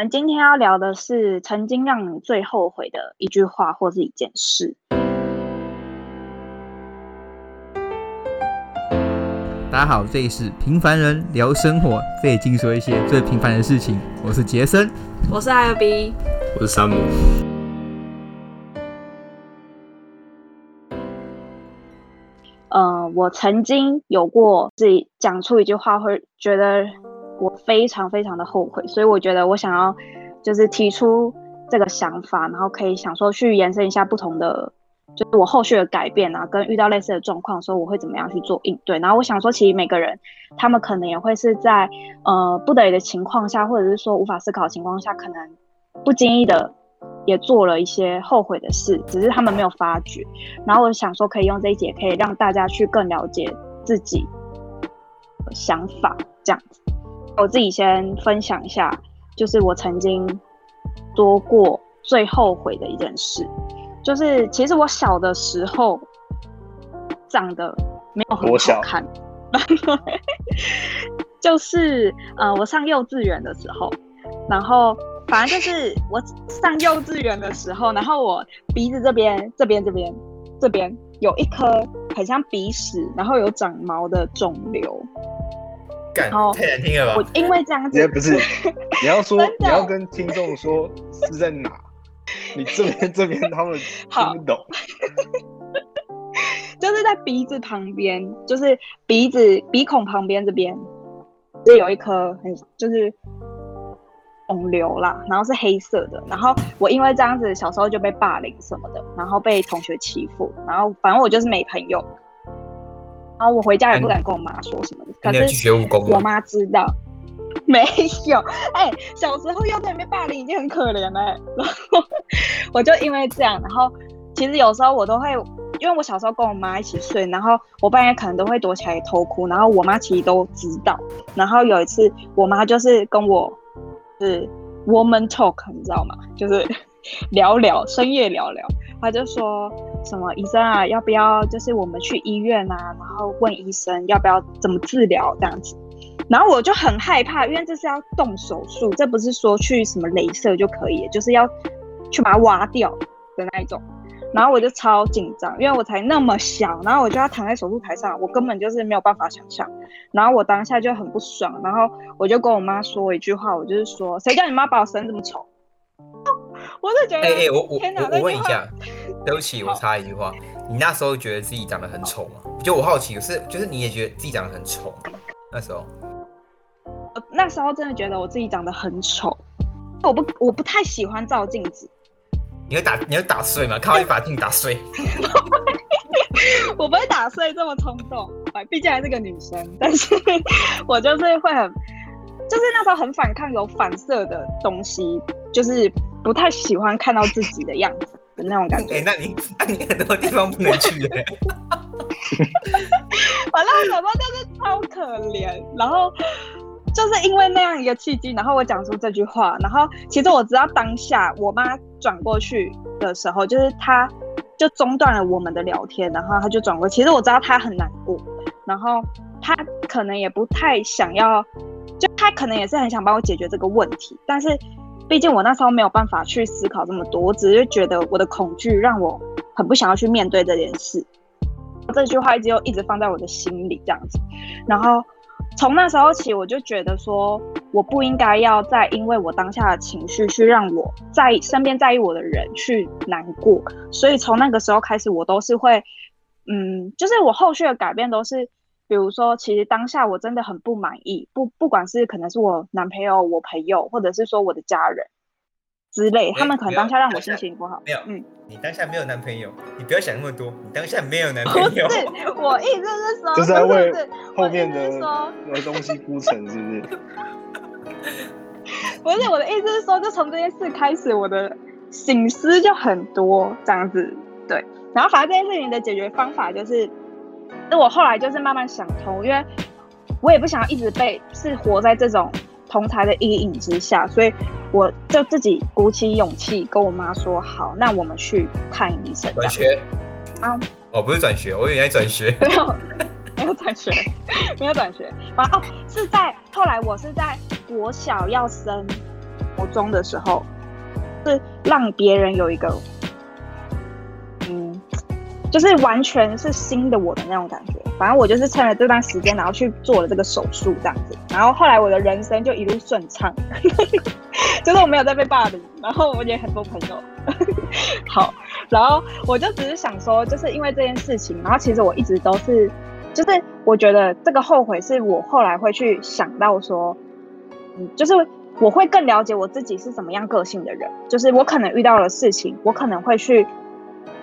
我們今天要聊的是曾經讓你最後悔的一句話或是一件事。大家好，這裡是平凡人聊生活，這裡盡說一些最平凡的事情。我是傑森，我是 Albee，我是山姆。呃，我曾經有過自己講出一句話，會覺得。我非常非常的後悔，所以我覺得我想要就是提出這個想法，然後可以想說去延伸一下不同的，就是我後續的改變啊，跟遇到類似的狀況說我會怎麼樣去做應對。然後我想說，其實每個人他們可能也會是在呃不得已的情況下，或者是說無法思考的情況下，可能不經意的也做了一些後悔的事，只是他們沒有發覺。然後我想說，可以用這一節可以讓大家去更了解自己的想法這樣子。我自己先分享一下，就是我曾經做過最後悔的一件事，就是其實我小的時候長得沒有很好看，多小 就是呃，我上幼稚園的時候，然後反正就是我上幼稚園的時候， 然後我鼻子，這邊、這邊、這邊、這邊有一顆很像鼻屎，然後有長毛的腫瘤。幹後太難聽了吧！我因為這樣子，欸、不是你要說 的你要跟聽眾說是在哪？你這邊這邊他們聽不懂，好 就是在鼻子旁邊，就是鼻子鼻孔旁邊這邊，就有一顆很就是腫瘤啦，然後是黑色的。然後我因為這樣子，小時候就被霸凌什麼的，然後被同學欺負，然後反正我就是沒朋友。然後我回家也不敢跟我媽說什麼的，嗯、可是我媽知道，沒有。哎、欸，小時候又在裡面霸凌，已經很可憐了，欸。然後我就因為這樣，然後其實有時候我都會，因為我小時候跟我媽一起睡，然後我半夜可能都會躲起來偷哭，然後我媽其實都知道。然後有一次，我媽就是跟我是 woman talk，你知道嗎？就是聊聊，深夜聊聊。他就說什麼醫生啊，要不要就是我們去醫院啊，然後問醫生要不要怎麼治療這樣子，然後我就很害怕，因為這是要動手術，這不是說去什麼雷射就可以，就是要去把它挖掉的那一種，然後我就超緊張，因為我才那麼小，然後我就要躺在手術台上，我根本就是沒有辦法想象，然後我當下就很不爽，然後我就跟我媽說一句話，我就是說，誰叫你媽把我生這麼醜。我是覺得，哎哎、欸欸，我我哪我我問一下，對不起，我插一句話，你那時候覺得自己長得很醜嗎？Oh. 就我好奇，是就是你也覺得自己長得很醜，那時候？那時候真的覺得我自己長得很醜，我不我不太喜歡照鏡子。你會打你會打碎嗎？看我一把鏡打碎。我不會，我不會打碎這麼衝動，哎，畢竟還是個女生。但是我就是會很，就是那時候很反抗，有反射的東西，就是。不太喜歡看到自己的樣子的那種感覺。 欸、那你那你很多地方不能去耶。完了，什麼媽就是超可憐。然後就是因為那樣一個契機，然後我講出這句話，然後其實我知道當下我媽轉過去的時候，就是她就中斷了我們的聊天，然後她就轉過去。其實我知道她很難過，然後她可能也不太想要，就她可能也是很想幫我解決這個問題，但是。畢竟我那時候沒有辦法去思考這麼多，我只是覺得我的恐懼讓我很不想要去面對這件事。這句話一直又一直放在我的心裡這樣子。然後從那時候起，我就覺得說我不應該要再因為我當下的情緒去讓我在意身邊在意我的人去難過。所以從那個時候開始，我都是會，嗯，就是我後續的改變都是。比如說，其實當下我真的很不滿意，不，不管是可能是我男朋友、我朋友，或者是說我的家人之類，欸、他們可能當下讓我心情不好。欸、沒有，沒有嗯，你當下沒有男朋友，你不要想那麼多。你當下沒有男朋友。不是，我意思是說，就是在後面的有東西鋪陳，是不是？ 不是，我的意思是說，就從這件事開始，我的省思就很多這樣子。對，然後反正這件事情的解決方法就是。那我後來就是慢慢想通，因為我也不想要一直被是活在這種同儕的陰影之下，所以我就自己鼓起勇氣跟我媽說：“好，那我們去看醫生。”轉學啊？好哦，不是轉學，我以為你在轉學。 沒有，沒有轉學， 沒有轉學。哦，是在後來我是在國小要升國中的時候，是讓別人有一個。就是完全是新的我的那種感覺，反正我就是趁着這段時間，然後去做了這個手術這樣子，然後後來我的人生就一路順暢，就是我沒有再被霸凌，然後我也很多朋友，呵呵好，然後我就只是想說，就是因為這件事情，然後其實我一直都是，就是我覺得這個後悔是我後來會去想到說，嗯，就是我會更了解我自己是什麼樣個性的人，就是我可能遇到了事情，我可能會去。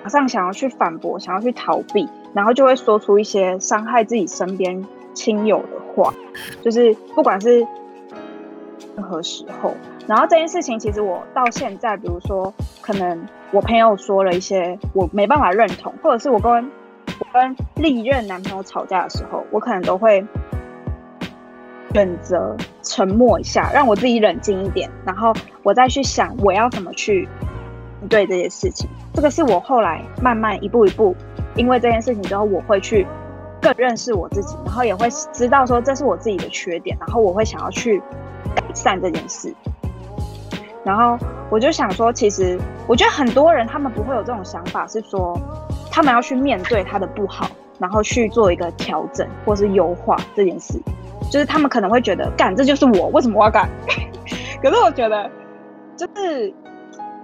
馬上想要去反駁，想要去逃避，然後就會說出一些傷害自己身邊親友的話，就是不管是任何時候，然後這件事情其實我到現在，比如說可能我朋友說了一些我沒辦法認同，或者是我跟我跟歷任男朋友吵架的時候，我可能都會選擇沉默一下，讓我自己冷靜一點，然後我再去想我要怎麼去。對這些事情，這個是我後來慢慢一步一步，因為這件事情之後，我會去更認識我自己，然後也會知道說這是我自己的缺點，然後我會想要去改善這件事。然後我就想說，其實我覺得很多人他們不會有這種想法，是說他們要去面對他的不好，然後去做一個調整或是優化這件事，就是他們可能會覺得幹這就是我，為什麼我要幹？ 可是我覺得就是。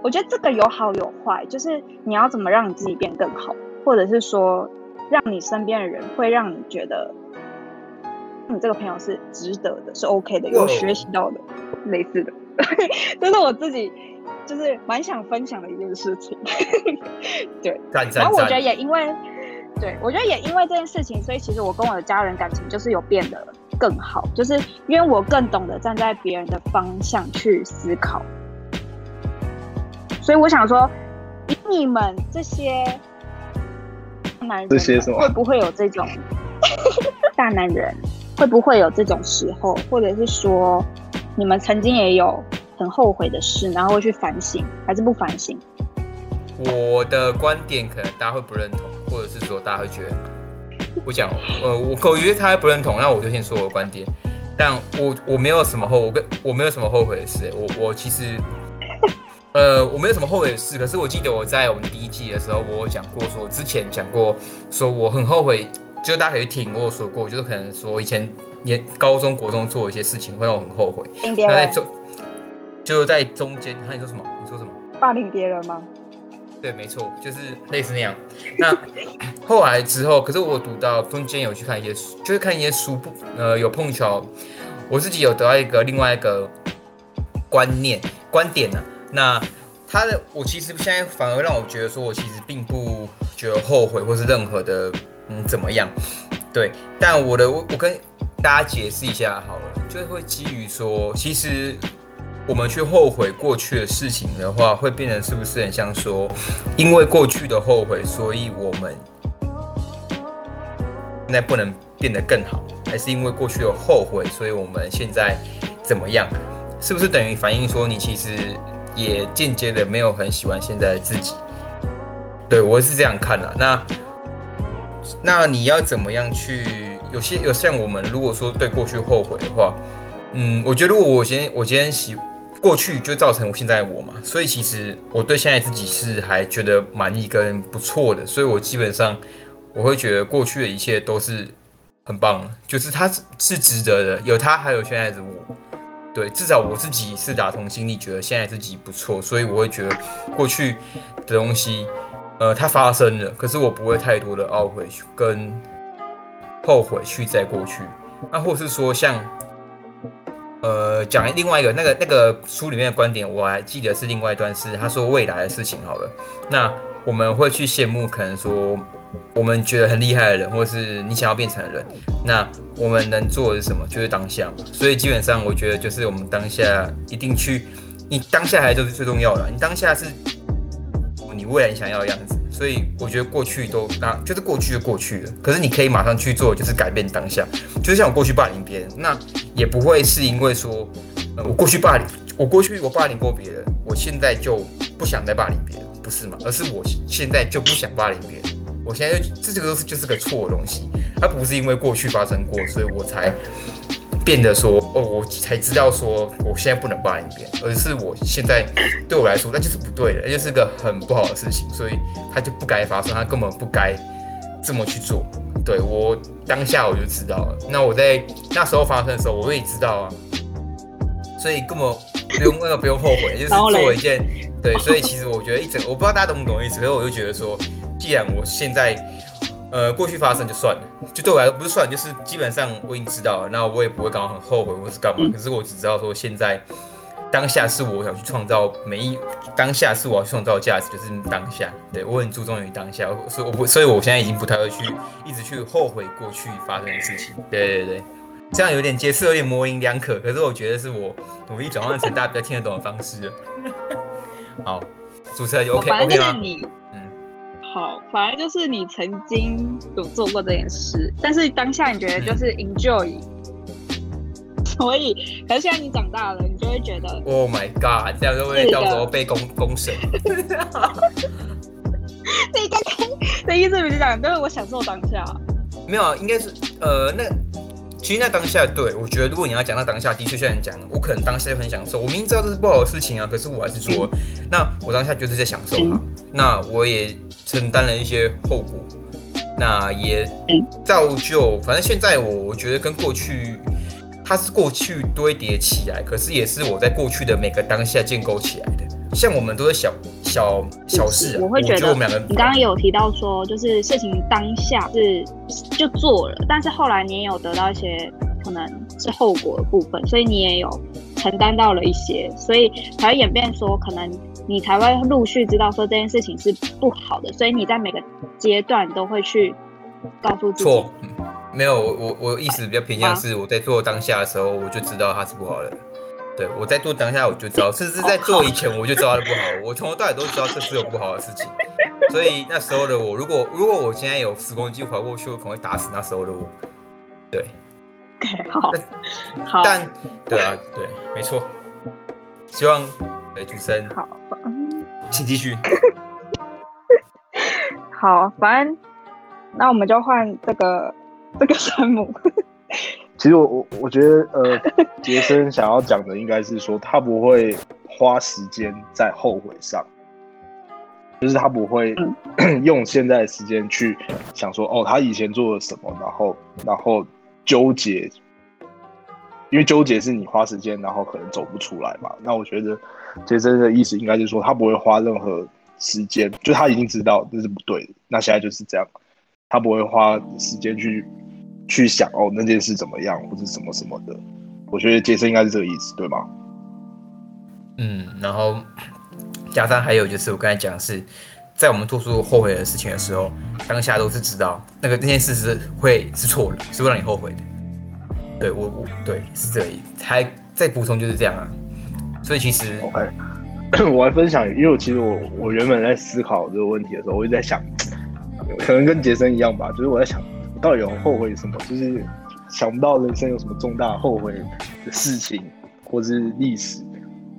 我覺得這個有好有壞，就是你要怎麼讓你自己變更好，或者是說，讓你身邊的人會讓你覺得，你這個朋友是值得的，是 OK 的，有學習到的，哇類似的，這 是我自己，就是蠻想分享的一件事情。 對，讚讚讚，然後我覺得也因為，對我覺得也因為這件事情，所以其實我跟我的家人感情就是有變得更好，就是因為我更懂得站在別人的方向去思考。所以我想說，你們這些男，這些會不會有這種這 大男人？會不會有這種時候？或者是說，你們曾經也有很後悔的事，然後會去反省，還是不反省？我的觀點可能大家會不認同，或者是說大家會覺得，我講，呃，我狗魚他還不認同，那我就先說我的觀點。但我我沒有什麼後，我跟我沒有什麼後悔的事。我我其實。呃，我沒有什麼後悔的事，可是我記得我在我們第一季的時候，我有講過說，之前講過說我很後悔，就大家可以聽我說過，就是可能說以前年高中國中做一些事情會讓我很後悔。就，就在中間，看、啊，你說什麼？你說什麼？霸凌別人嗎？對，沒錯，就是類似那樣。 那後來之後，可是我讀到中間有去看一些，就是看一些書，不呃，有碰巧我自己有得到一個另外一個觀念觀點呢、啊。那他的我其實現在反而讓我覺得說，我其實並不覺得後悔，或是任何的嗯怎麼樣，對。但我的我，我跟大家解釋一下好了，就會基於說，其實我們去後悔過去的事情的話，會變得是不是很像說，因為過去的後悔，所以我們現在不能變得更好，還是因為過去的後悔，所以我們現在怎麼樣，是不是等於反映說你其實。也間接的沒有很喜歡現在的自己，對，我也是這樣看的啊。那那你要怎麼樣去？有些有像我們，如果說對過去後悔的話，嗯，我覺得如果我今天我今天喜過去，就造成我現在的我嘛。所以其實我對現在自己是還覺得滿意跟不錯的。所以我基本上我會覺得過去的一切都是很棒，就是他是值得的，有他還有現在的我。對，至少我自己是打從心裡覺得現在自己不錯，所以我會覺得過去的東西，呃，它發生了，可是我不會太多的懊悔去跟後悔去再過去。那、啊、或是說像，呃，講另外一個那個那個書裡面的觀點，我還記得是另外一段是他說未來的事情好了，那我們會去羨慕，可能說。我們覺得很厲害的人，或是你想要變成的人，那我們能做的是什麼？就是當下嘛。所以基本上，我覺得就是我們當下一定去，你當下還就是最重要的啊。你當下是你未來想要的樣子。所以我覺得過去都那，就是過去就過去了。可是你可以馬上去做，就是改變當下。就是像我過去霸凌別人，那也不會是因為說，呃，我過去霸凌，我過去我霸凌過別人，我現在就不想再霸凌別人，不是嗎？而是我現在就不想霸凌別人。我現在就這這個東西就是個錯的東西，它不是因為過去發生過，所以我才變得說哦，我才知道說我現在不能幫你變，而是我現在對我來說那就是不對的，那就是個很不好的事情，所以它就不該發生，它根本不該這麼去做。對，我當下我就知道了，那我在那時候發生的時候我也知道啊，所以根本不用那個不用後悔，就是做了一件對，所以其實我覺得一整我不知道大家懂不懂意思，可是我就覺得說。既然我現在，呃，過去發生就算了，就對我來說不是算，就是基本上我已經知道了，那我也不會感到很後悔，或是幹嘛？可是我只知道說，現在，當下是我想去創造每一，當下是我要創造價值，就是當下。對，我很注重於當下，我所以我所以我現在已經不太會去一直去後悔過去發生的事情。對對對，這樣有點解釋有點模稜兩可，可是我覺得是我努力轉換成大家比較聽得懂的方式了。好，主持人就 OK 我 OK 我反正是你。嗯好，反正就是你曾經有做過這件事，但是當下你覺得就是 enjoy，、嗯、所以，可是現在你長大了，你就會覺得，Oh my God，這樣會不會叫做被公審？所以剛剛的意思不是講，就是我享受當下。沒有，應該是，呃，那，其實那當下，對，我覺得，如果你要講到當下，的確像你講，我可能當下就很享受，我明知道這是不好的事情啊，可是我還是說、嗯，那我當下就是在享受，嗯、那我也。承擔了一些後果，那也造就。嗯、反正現在我我覺得跟過去，它是過去堆疊起來，可是也是我在過去的每個當下建構起來的。像我們都是小小小事，啊，我會覺得我們兩個。你剛剛有提到說，就是事情當下是就做了，但是後來你也有得到一些可能是後果的部分，所以你也有承擔到了一些，所以才會演變說可能。你才會陸續知道說這件事情是不好的，所以你在每個階段，都會去告訴自己。錯、嗯，沒有，我我我意思比較偏向是我在做當下的時候，我就知道它是不好的。啊、對，我在做當下我就知道，嗯，甚至在做以前我就知道它是不好。哦，好，我從頭到尾都知道這是有不好的事情， 所以那時候的我，如果如果我現在有時光機划過去，我可能會打死那時候的我。對，okay, 好，但好，但對啊，對，沒錯，希望。傑森，好吧，請繼續。 好，反正那我們就換這個這個山姆。 其實我我我覺得，呃，傑森想要講的應該是說，他不會花時間在後悔上，就是他不會、嗯、用現在的時間去想說，哦，他以前做了什麼，然後然後糾結，因為糾結是你花時間，然後可能走不出來嘛。那我覺得。傑森的意思應該是說，他不會花任何時間，就他已經知道這是不對的。那現在就是這樣，他不會花時間去去想哦那件事怎麼樣，或者什麼什麼的。我覺得傑森應該是這個意思，對嗎？嗯，然後加上還有就是我剛才講的是在我們做出後悔的事情的時候，當下都是知道那個那件事是會是錯的，是會讓你後悔的。對我，我對是這個意思。還再補充就是這樣啊。所以其實，OK， 我來分享，因為我其實我我原本在思考這個問題的時候，我就在想，可能跟 Jason 一樣吧，就是我在想，我到底有後悔什麼？就是想不到人生有什麼重大後悔的事情，或是歷史。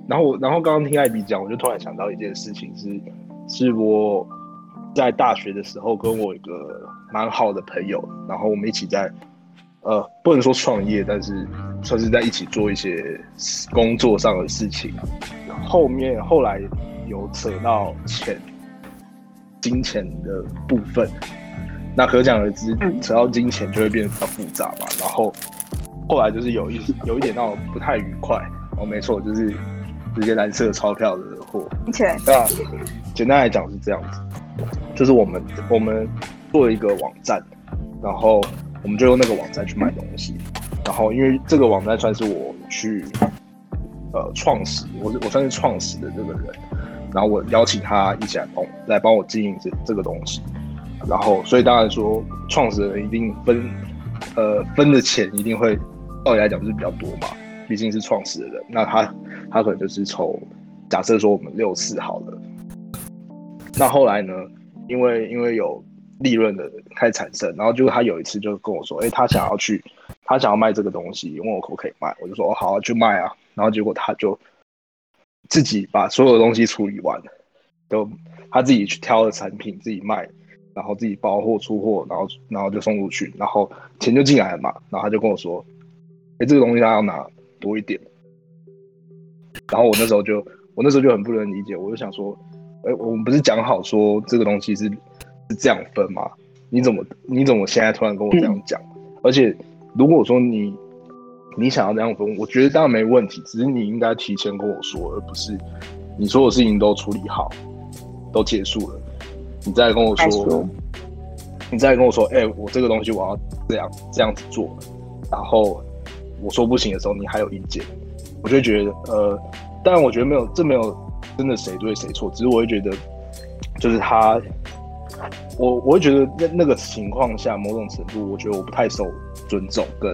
然後我，然後剛剛聽 Albee 講，我就突然想到一件事情是，是是我在大學的時候，跟我一個蠻好的朋友，然後我們一起在。呃，不能說創業，但是算是在一起做一些工作上的事情。後面後來有扯到錢，金錢的部分，那可想而知，扯到金錢就會變得比較複雜嘛。嗯、然後後來就是有一有一點那種不太愉快哦，沒錯，就是直接藍色鈔票的貨。起來，那簡單來講是這樣子，就是我們我們做了一個網站，然後。我們就用那個網站去買東西，然後因為這個網站算是我去呃創始，我我算是創始的這個人，然後我邀請他一起來幫來幫我經營這這個東西，然後所以當然說創始的人一定分呃分的錢一定會，道理來講是比較多嘛，畢竟是創始的人，那他他可能就是從假設說我們六四好了，那後來呢，因為因為有。利潤的開始產生，然後就他有一次就跟我說：“哎、欸，他想要去，他想要賣這個東西，問我可不可以賣。”我就說：“我、哦、好去賣啊。”然後結果他就自己把所有的東西處理完，都他自己去挑了產品自己賣，然後自己包貨出貨，然後然後就送出去，然後錢就進來了嘛。然後他就跟我說：“哎、欸，這個東西他要拿多一點。”然後我那時候就我那時候就很不能理解，我就想說：“哎、欸，我們不是講好說這個東西是？”是這樣分嗎？你怎麼你怎麼現在突然跟我這樣講？嗯、而且如果說你你想要這樣分，我覺得當然沒問題，只是你應該提前跟我說，而不是你說的事情都處理好，都結束了，你再跟我說，說你再跟我說，哎、欸，我這個東西我要這樣這樣子做，然後我說不行的時候，你還有意見，我就覺得，呃，但我覺得沒有，這沒有真的誰對誰錯，只是我會覺得就是他。我我會覺得那那個情況下，某種程度，我覺得我不太受尊重，跟、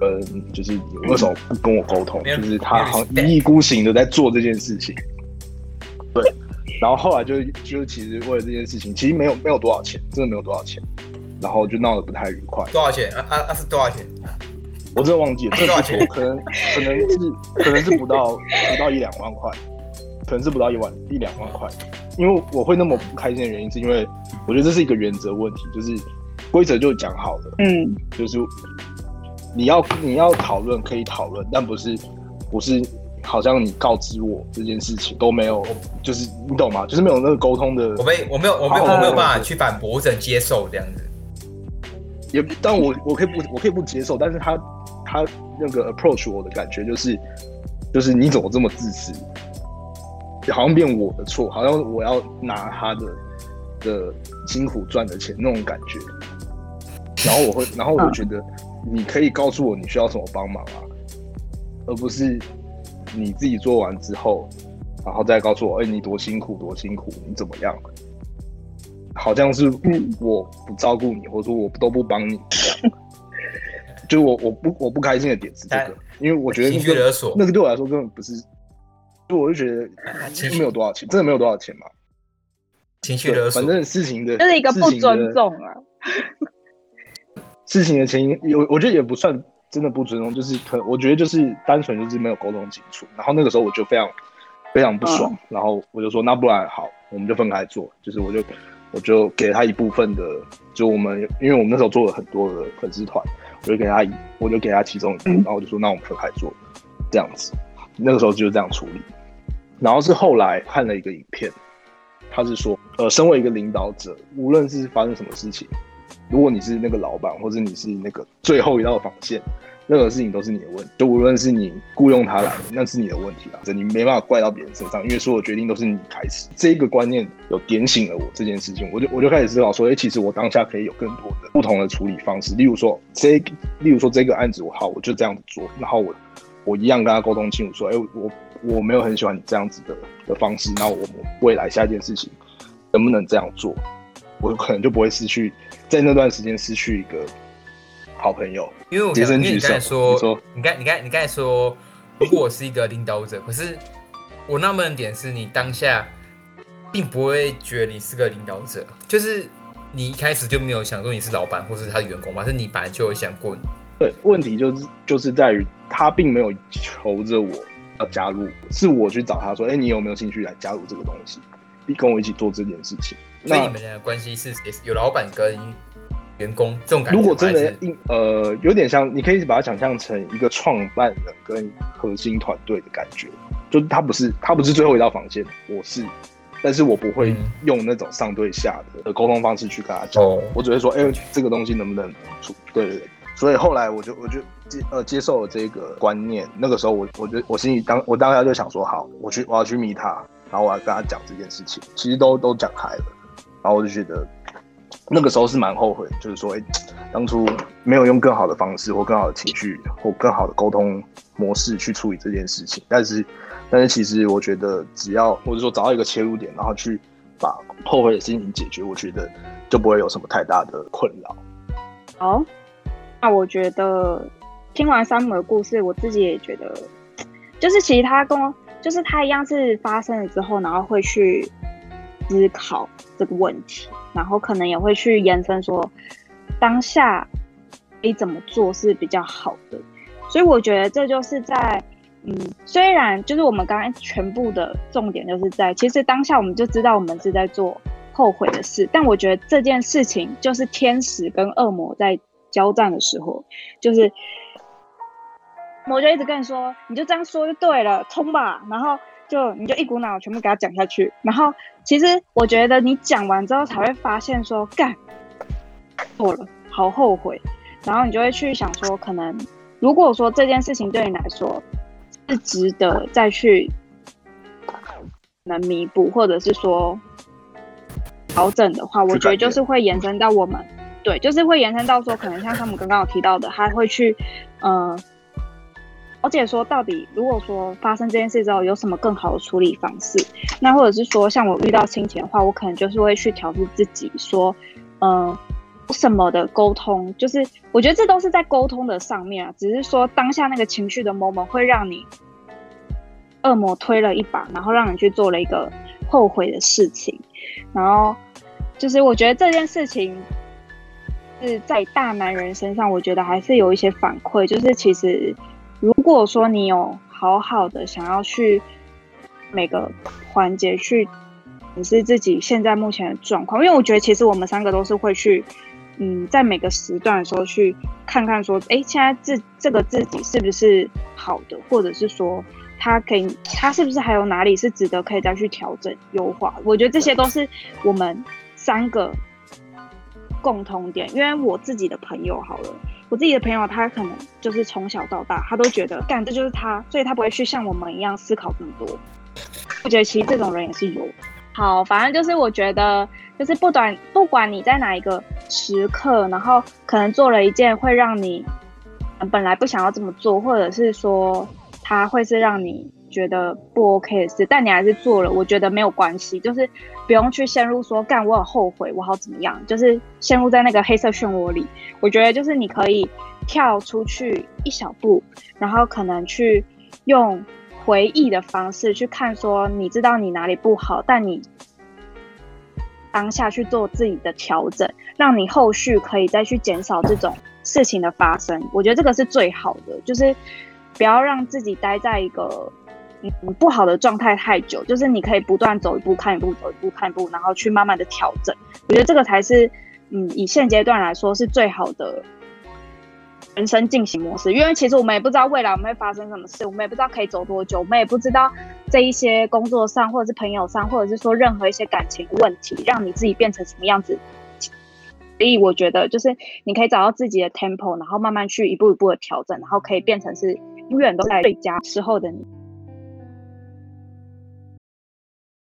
呃、嗯，就是為什麼不跟我溝通？嗯、就是他好像一意孤行的在做這件事情。嗯、對，對，然後後來就就其實為了這件事情，其實沒有沒有多少錢，真的沒有多少錢，然後就鬧得不太愉快。多少錢？啊，啊，是多少錢？我真的忘記了，多少錢？可能 可能是可能是不到 不到一兩萬塊，可能是不到一萬一兩萬塊。因為我會那麼不開心的原因，是因為。我覺得這是一個原則問題，就是規則就講好的，嗯，就是你要你要討論可以討論，但不是不是好像你告知我這件事情都沒有，就是你懂嗎？就是沒有那個溝通的，我沒我沒有好好、那個、我沒有我沒有辦法去反駁，只能接受這樣子。也，但我我可以不我可以不接受，但是他他那個 approach 我的感覺就是就是你怎麼這麼自私，好像變我的錯，好像我要拿他的。的辛苦賺的錢那種感覺，然後我會，然後我就覺得你可以告訴我你需要什麼幫忙啊，哦、而不是你自己做完之後，然後再告訴我，哎、欸，你多辛苦，多辛苦，你怎麼樣、啊？好像是我不照顧你，嗯、或者說我不都不幫你一樣。 就我我不我不開心的點是這個，但 因為我覺得、那個、那個對我來說根本不是，所以我就覺得沒有多少錢，真的沒有多少錢嘛。情緒的，反正事情的，就是一個不尊重啊。事情的， 事情的前因，我我覺得也不算真的不尊重，就是我覺得就是單純就是沒有溝通清楚。然後那個時候我就非常非常不爽，嗯、然後我就說那不然好，我們就分開做。就是我就我就給他一部分的，就我們因為我們那時候做了很多的粉絲團，我就給他我就給他其中一部分，然後我就說那我們分開做，這樣子。那個時候就是這樣處理。然後是後來看了一個影片。他是說，呃，身為一個領導者，無論是發生什麼事情，如果你是那個老闆，或者你是那個最後一道防線，任何事情都是你的問題。就無論是你雇傭他來，那是你的問題啊，你沒辦法怪到別人身上，因為所有決定都是你開始。這個觀念有點醒了我這件事情，我就我就開始思考說，欸，其實我當下可以有更多的不同的處理方式。例如說，這，例如說這個案子，我好，我就這樣子做，然後我我一樣跟他溝通清楚，說，欸，我。我沒有很喜歡你這樣子的的方式，那我們未來下一件事情能不能這樣做，我可能就不會失去在那段時間失去一個好朋友。因為我想，因為你剛才說，你剛說你剛你剛才說，如果我是一個領導者，可是我納悶的點是你當下並不會覺得你是個領導者，就是你一開始就沒有想過你是老闆或是他的員工嗎？是，你本來就有想過你。對，問題就是就是在於他並沒有求着我。要加入，是我去找他說：“哎、欸，你有沒有興趣來加入這個東西，跟我一起做這件事情？”那你們倆的關係是有老闆跟員工這種感覺。那如果真的、嗯，呃，有點像，你可以把它想象成一個創辦人跟核心團隊的感覺。就他不是，他不是最後一道防線，我是，但是我不會用那種上對下的溝通方式去跟他講。嗯、我只會說：“哎、欸，覺這個東西能不能出……”對對對。所以後來我就，我就。呃，接受了這個觀念，那個時候我，我覺得我心裡當我當下就想說，好，我去我要去米他，然後我要跟他講這件事情，其實都都講開了，然後我就覺得那個時候是蠻後悔，就是說，哎、欸，當初沒有用更好的方式，或更好的情緒，或更好的溝通模式去處理這件事情。但是，但是其實我覺得，只要或者說找到一個切入點，然後去把後悔的事情解決，我覺得就不會有什麼太大的困擾。好、哦，那我覺得。聽完山姆的故事，我自己也覺得，就是其實他跟就是他一樣，是發生了之後，然後會去思考這個問題，然後可能也會去延伸說當下你怎麼做是比較好的。所以我覺得這就是在，嗯，雖然就是我們剛剛全部的重點就是在，其實當下我們就知道我們是在做後悔的事，但我覺得這件事情就是天使跟惡魔在交戰的時候，就是。我就一直跟你說，你就這樣說就對了，衝吧，然後就你就一股腦全部給他講下去，然後其實我覺得你講完之後才會發現說，幹錯了，好後悔，然後你就會去想說，可能如果說這件事情對你來說是值得再去能彌補，或者是說調整的話，我覺得就是會延伸到我們，對，就是會延伸到說，可能像他們剛剛有提到的，他會去，呃。而且說到底，如果說發生這件事之後，有什麼更好的處理方式？那或者是說，像我遇到親情的話，我可能就是會去調試自己，說，嗯、呃，什麼的溝通，就是我覺得這都是在溝通的上面啊。只是說當下那個情緒的 moment 某某會讓你惡魔推了一把，然後讓你去做了一個後悔的事情。然後就是我覺得這件事情是在大男人身上，我覺得還是有一些反饋，就是其實。如果說你有好好的想要去每個環節去審視自己現在目前的狀況，因為我覺得其實我們三個都是會去，嗯，在每個時段的時候去看看說，哎、欸，現在自這個自己是不是好的，或者是說他可以，他是不是還有哪裡是值得可以再去調整優化？我覺得這些都是我們三個。共同點，因為我自己的朋友好了，我自己的朋友他可能就是從小到大，他都覺得幹，這就是他，所以他不會去像我們一樣思考這麼多。我覺得其實這種人也是有。好，反正就是我覺得，就是不管不管你在哪一個時刻，然後可能做了一件會讓你本來不想要這麼做，或者是說他會是讓你。覺得不 OK 的事，但你還是做了。我覺得沒有關係，就是不用去陷入說，幹，我很後悔，我好怎麼樣，就是陷入在那個黑色漩渦裡。我覺得就是你可以跳出去一小步，然後可能去用回憶的方式去看，說你知道你哪裡不好，但你當下去做自己的調整，讓你後續可以再去減少這種事情的發生。我覺得這個是最好的，就是不要讓自己待在一個。嗯，不好的狀態太久，就是你可以不斷走一步看一步，走一步看一步，然後去慢慢的調整。我覺得這個才是，嗯，以現階段來說是最好的人生進行模式。因為其實我們也不知道未來我們會發生什麼事，我們也不知道可以走多久，我們也不知道這一些工作上或者是朋友上，或者是說任何一些感情問題，讓你自己變成什麼樣子。所以我覺得就是你可以找到自己的 tempo，然後慢慢去一步一步的調整，然後可以變成是永遠都在最佳時候的你。